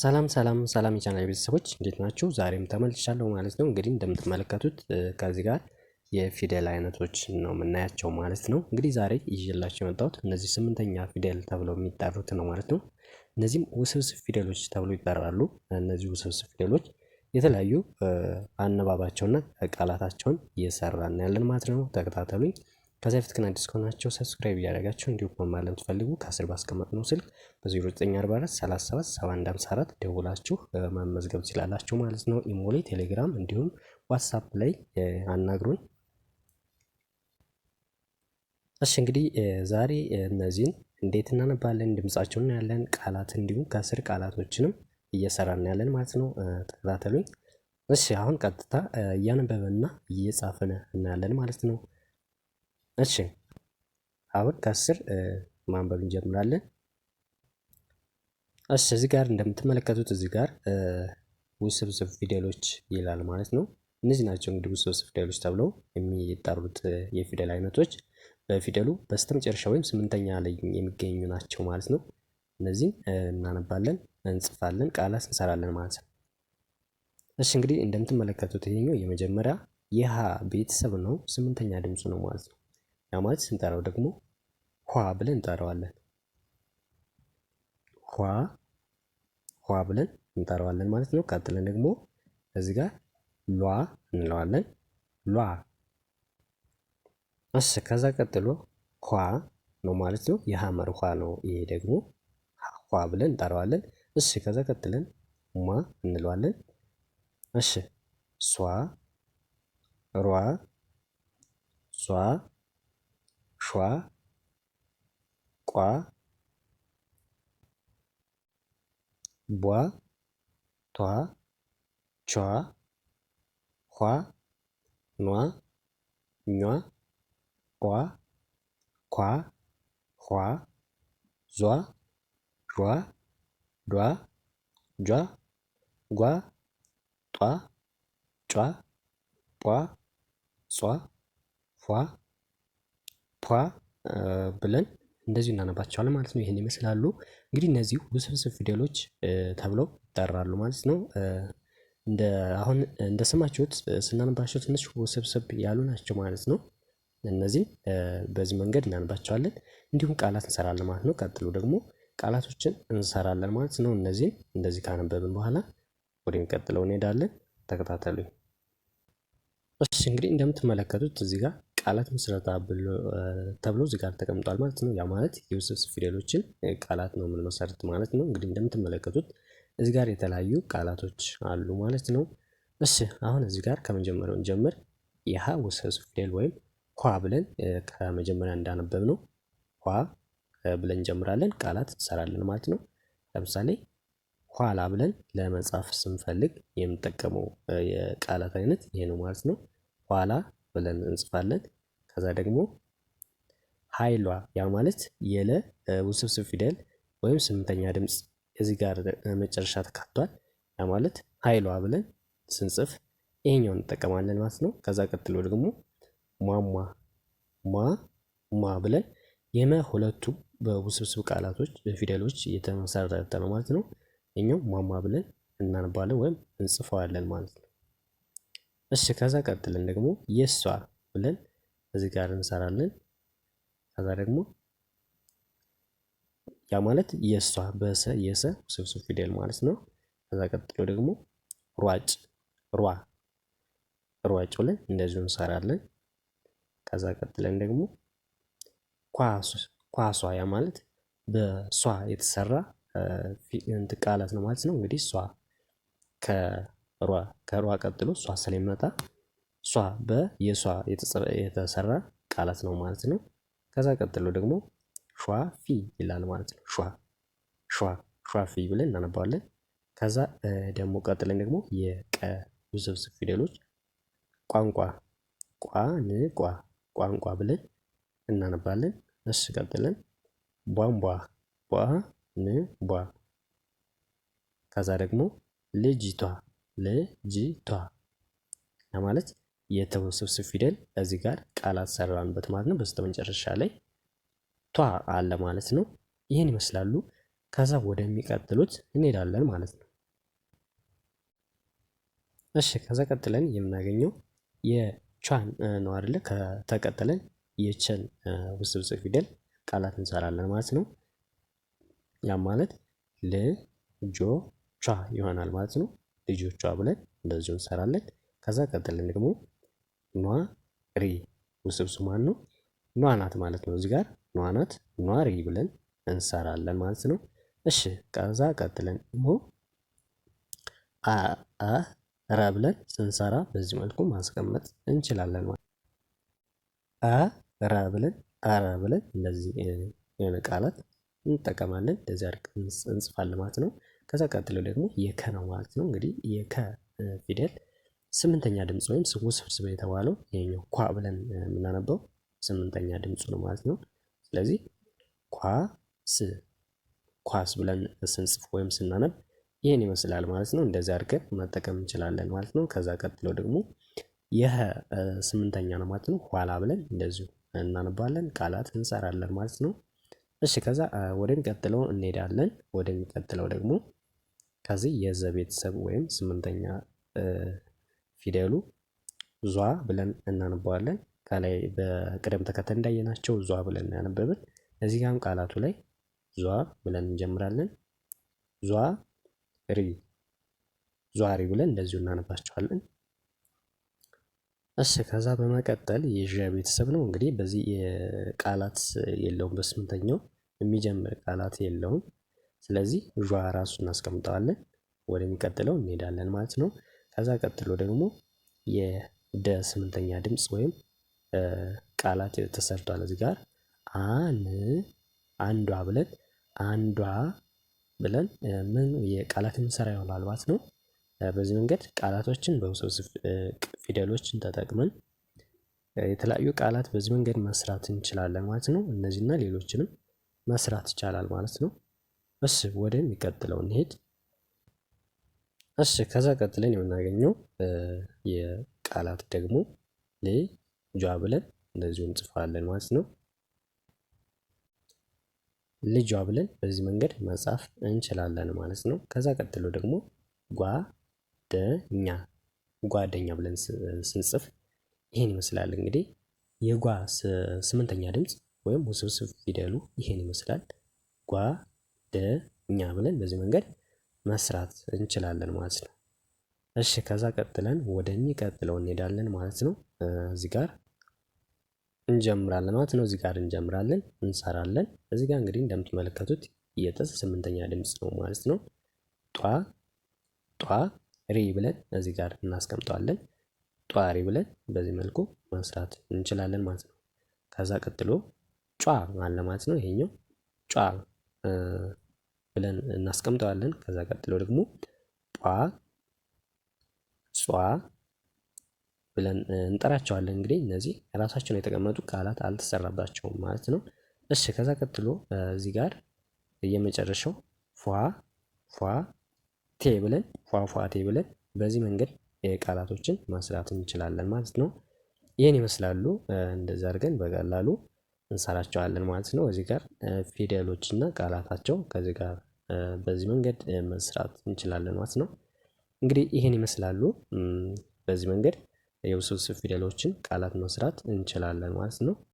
ሰላም ሰላም ሰላም የቻናል ቤተሰቦች እንዴት ናችሁ? ዛሬም ተመልሻለሁ ማለት ነው። እንግዲህ እንደምትመለከቱት ከዚህ ጋር የፊደል አይነቶች ነው የምናያቸው ማለት ነው። እንግዲህ ዛሬ ይዤላቸው የመጣሁት እነዚህ ስምንተኛ ፊደል ተብለው የሚጠሩት ነው ማለት ነው። እነዚህም ውስብስብ ፊደሎች ተብለው ይጠራሉ። እነዚህ ውስብስብ ፊደሎች የተለያዩ አነባባቸውና ቃላታቸውን እየሰራ እናያለን ማለት ነው። ተከታተሉኝ። ከዚያ በፊት ግን አዲስ ከሆናቸው ሰብስክራይብ እያደረጋቸው እንዲሁም መማር ለምትፈልጉ ከስር ነው ስልክ በ0944 37 7154 ደውላችሁ ማመዝገብ ትችላላችሁ ማለት ነው። ኢሞ ቴሌግራም እንዲሁም ዋትሳፕ ላይ አናግሩን። እሺ እንግዲህ ዛሬ እነዚህን እንዴት እናነባለን፣ ድምጻቸውን እናያለን፣ ቃላት እንዲሁም ከስር ቃላቶችንም እየሰራ እናያለን ማለት ነው። ተከታተሉኝ። እሺ አሁን ቀጥታ እያነበበና እየጻፈን እናያለን ማለት ነው። እሺ አሁን ከስር ማንበብ እንጀምራለን። እሺ እዚህ ጋር እንደምትመለከቱት እዚህ ጋር ውስብስብ ፊደሎች ይላል ማለት ነው። እነዚህ ናቸው እንግዲህ ውስብስብ ፊደሎች ተብለው የሚጠሩት የፊደል አይነቶች በፊደሉ በስተመጨረሻ ወይም ስምንተኛ ላይ የሚገኙ ናቸው ማለት ነው። እነዚህን እናነባለን፣ እንጽፋለን፣ ቃላት እንሰራለን ማለት ነው። እሺ እንግዲህ እንደምትመለከቱት ይሄኛው የመጀመሪያ የሀ ቤተሰብ ነው። ስምንተኛ ድምፁ ነው ማለት ነው። ያ ማለት ስንጠራው ደግሞ ኋ ብለን እንጠራዋለን። ኋ ኋ ብለን እንጠራዋለን ማለት ነው። ቀጥለን ደግሞ እዚህ ጋር ሏ እንለዋለን። ሏ እሺ። ከዛ ቀጥሎ ኳ ነው ማለት ነው። የሐመር ኳ ነው ይሄ ደግሞ ኳ ብለን እንጠራዋለን። እሺ። ከዛ ቀጥለን ማ እንለዋለን። እሺ። ሷ ሯ ሷ ሿ ቋ ቧ ቷ ቿ ኋ ኗ ኟ ቋ ኳ ኳ ዟ ዣ ዷ ጇ ጓ ጧ ጯ ጳ ጿ ፏ ፖ ብለን እንደዚሁ እናነባቸዋለን ማለት ነው። ይህን ይመስላሉ እንግዲህ እነዚህ ውስብስብ ፊደሎች ተብለው ይጠራሉ ማለት ነው። እንደ አሁን እንደ ስማችሁት ስናነባቸው ትንሽ ውስብስብ ያሉ ናቸው ማለት ነው። እነዚህን በዚህ መንገድ እናነባቸዋለን እንዲሁም ቃላት እንሰራለን ማለት ነው። ቀጥሎ ደግሞ ቃላቶችን እንሰራለን ማለት ነው። እነዚህን እንደዚህ ካነበብን በኋላ ወደሚቀጥለው እንሄዳለን። ተከታተሉኝ። እሺ እንግዲህ እንደምትመለከቱት እዚህ ጋር ቃላት ምስረታ ተብሎ እዚህ ጋር ተቀምጧል ማለት ነው። ያ ማለት የውስብስብ ፊደሎችን ቃላት ነው የምንመሰርት ማለት ነው። እንግዲህ እንደምትመለከቱት እዚህ ጋር የተለያዩ ቃላቶች አሉ ማለት ነው። እሺ አሁን እዚህ ጋር ከመጀመሪያው እንጀምር። የሀ ውስብስብ ፊደል ወይም ኳ ብለን ከመጀመሪያ እንዳነበብ ነው ኳ ብለን እንጀምራለን፣ ቃላት እንሰራለን ማለት ነው። ለምሳሌ ኋላ ብለን ለመጻፍ ስንፈልግ የምንጠቀመው የቃላት አይነት ይሄ ነው ማለት ነው። ኋላ ብለን እንጽፋለን። ከዛ ደግሞ ኃይሏ ያ ማለት የለ ውስብስብ ፊደል ወይም ስምንተኛ ድምፅ እዚህ ጋር መጨረሻ ተካቷል። ያ ማለት ኃይሏ ብለን ስንጽፍ ይሄኛው እንጠቀማለን ማለት ነው። ከዛ ቀጥሎ ደግሞ ሟሟ ሟ ሟ ብለን የመ ሁለቱ በውስብስብ ቃላቶች ፊደሎች የተመሰረተ ነው ማለት ነው። እኛው ሟሟ ብለን እናነባለን ወይም እንጽፈዋለን ማለት ነው። እሺ ከዛ ቀጥልን ደግሞ የእሷ ብለን እዚህ ጋር እንሰራለን። ከዛ ደግሞ ያ ማለት የእሷ በሰ የሰ ውስብስብ ፊደል ማለት ነው። ከዛ ቀጥሎ ደግሞ ሯጭ ሯ ሯጭ ብለን እንደዚሁ እንሰራለን። ከዛ ቀጥለን ደግሞ ኳስ ኳሷ ያ ማለት በሷ የተሰራ ቃላት ነው ማለት ነው። እንግዲህ ሷ ከ ሯ ከሯ ቀጥሎ ሷ ስለሚመጣ ሷ በየሷ የተሰራ ቃላት ነው ማለት ነው። ከዛ ቀጥሎ ደግሞ ሿ ፊ ይላል ማለት ነው። ሿ ሿ ሿ ፊ ብለን እናነባዋለን። ከዛ ደግሞ ቀጥለን ደግሞ የቀ ውስብስብ ፊደሎች ቋንቋ ቋንቋ ቋንቋ ብለን እናነባለን። እሱ ቀጥለን ቧንቧ ቧ ን ቧ ከዛ ደግሞ ልጅቷ ልጅቷ ለማለት የተውስብስብ ፊደል እዚህ ጋር ቃላት ሰራንበት ማለት ነው። በስተመጨረሻ ላይ ቷ አለ ማለት ነው። ይህን ይመስላሉ። ከዛ ወደሚቀጥሉት እንሄዳለን ማለት ነው። እሺ ከዛ ቀጥለን የምናገኘው የቿን ነው አይደለ? ከተቀጥለን የቸን ውስብስብ ፊደል ቃላት እንሰራለን ማለት ነው። ያ ማለት ልጆቿ ይሆናል ማለት ነው። ልጆቿ ብለን እንደዚሁ እንሰራለን። ከዛ ቀጥለን ደግሞ ኗ ሪ ውስብስብ ማን ነው ኗ ናት ማለት ነው። እዚህ ጋር ኗ ናት ኗ ሪ ብለን እንሰራለን ማለት ነው። እሺ ከዛ ቀጥለን ደግሞ አ አ ረ ብለን ስንሰራ በዚህ መልኩ ማስቀመጥ እንችላለን ማለት አ ረ ብለን አረ ብለን እንደዚህ የሆነ ቃላት እንጠቀማለን። እንደዚህ አድርገን እንጽፋለን ማለት ነው። ከዛ ቀጥሎ ደግሞ የከ ነው ማለት ነው። እንግዲህ የከ ፊደል ስምንተኛ ድምፅ ወይም ውስብስብ የተባለው ይሄኛው ኳ ብለን የምናነበው ስምንተኛ ድምፁ ነው ማለት ነው። ስለዚህ ኳስ ኳስ ብለን ስንጽፍ ወይም ስናነብ ይህን ይመስላል ማለት ነው። እንደዚህ አድርገን መጠቀም እንችላለን ማለት ነው። ከዛ ቀጥሎ ደግሞ ይህ ስምንተኛ ነው ማለት ነው። ኋላ ብለን እንደዚሁ እናነባለን፣ ቃላት እንሰራለን ማለት ነው። እሺ ከዛ ወደሚቀጥለው እንሄዳለን። ወደሚቀጥለው ደግሞ ከዚህ የዘ ቤተሰብ ወይም ስምንተኛ ፊደሉ ዟ ብለን እናነበዋለን። ከላይ በቅደም ተከተል እንዳየናቸው ዟ ብለን እናነበብን። እዚህ ጋም ቃላቱ ላይ ዟ ብለን እንጀምራለን። ዟ ሪ ዟሪ ብለን እንደዚሁ እናነባቸዋለን። እሺ ከዛ በመቀጠል የዣ ቤተሰብ ነው። እንግዲህ በዚህ ቃላት የለውም፣ በስምንተኛው የሚጀምር ቃላት የለውም። ስለዚህ ዣ ራሱ እናስቀምጠዋለን ወደሚቀጥለው እንሄዳለን ማለት ነው። ከዛ ቀጥሎ ደግሞ የደ ስምንተኛ ድምፅ ወይም ቃላት ተሰርቷል። እዚህ ጋር አን አንዷ ብለን አንዷ ብለን ምን የቃላት የምንሰራ ይሆናል ማለት ነው። በዚህ መንገድ ቃላቶችን በውስብስብ ፊደሎችን ተጠቅመን የተለያዩ ቃላት በዚህ መንገድ መስራት እንችላለን ማለት ነው። እነዚህና ሌሎችንም መስራት ይቻላል ማለት ነው። እሺ ወደሚቀጥለው እንሄድ። እሺ ከዛ ቀጥለን የምናገኘው የቃላት ደግሞ ልጇ ብለን እንደዚሁ እንጽፋለን ማለት ነው። ልጇ ብለን በዚህ መንገድ መጻፍ እንችላለን ማለት ነው። ከዛ ቀጥሎ ደግሞ ጓደኛ ጓደኛ ብለን ስንጽፍ ይሄን ይመስላል። እንግዲህ የጓ ስምንተኛ ድምፅ ወይም ውስብስብ ፊደሉ ይሄን ይመስላል ጓ ደ ብለን በዚህ መንገድ መስራት እንችላለን ማለት ነው። እሺ ከዛ ቀጥለን ወደሚቀጥለው እንሄዳለን ማለት ነው። እዚህ ጋር እንጀምራለን ማለት ነው። እዚህ ጋር እንጀምራለን እንሰራለን። እዚህ ጋር እንግዲህ እንደምትመለከቱት የጥስ ስምንተኛ ድምፅ ነው ማለት ነው። ጧ ጧ ሪ ብለን እዚህ ጋር እናስቀምጠዋለን። ጧ ሪ ብለን በዚህ መልኩ መስራት እንችላለን ማለት ነው። ከዛ ቀጥሎ ጯ አለ ማለት ነው። ይሄኛው ጯ ብለን እናስቀምጠዋለን። ከዛ ቀጥሎ ደግሞ ጧ ጿ ብለን እንጠራቸዋለን። እንግዲህ እነዚህ ራሳቸውን የተቀመጡ ቃላት አልተሰራባቸውም ማለት ነው። እሺ ከዛ ቀጥሎ እዚህ ጋር የመጨረሻው ፏ ፏ ቴ ብለን ፏ ፏ ቴ ብለን በዚህ መንገድ ቃላቶችን ማስራት እንችላለን ማለት ነው። ይህን ይመስላሉ እንደዛ አድርገን በቀላሉ እንሰራቸዋለን ማለት ነው። እዚህ ጋር ፊደሎች እና ቃላታቸው ከዚህ ጋር በዚህ መንገድ መስራት እንችላለን ማለት ነው። እንግዲህ ይህን ይመስላሉ። በዚህ መንገድ የውስብስብ ፊደሎችን ቃላት መስራት እንችላለን ማለት ነው።